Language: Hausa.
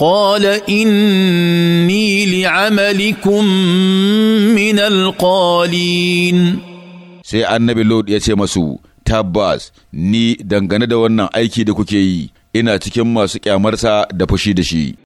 قال إني لعملكم من القالين sai annabi Lord ya ce masu tabbas ni dangane da wannan aiki da kuke yi ina cikin masu kyamarsa da fushi da shi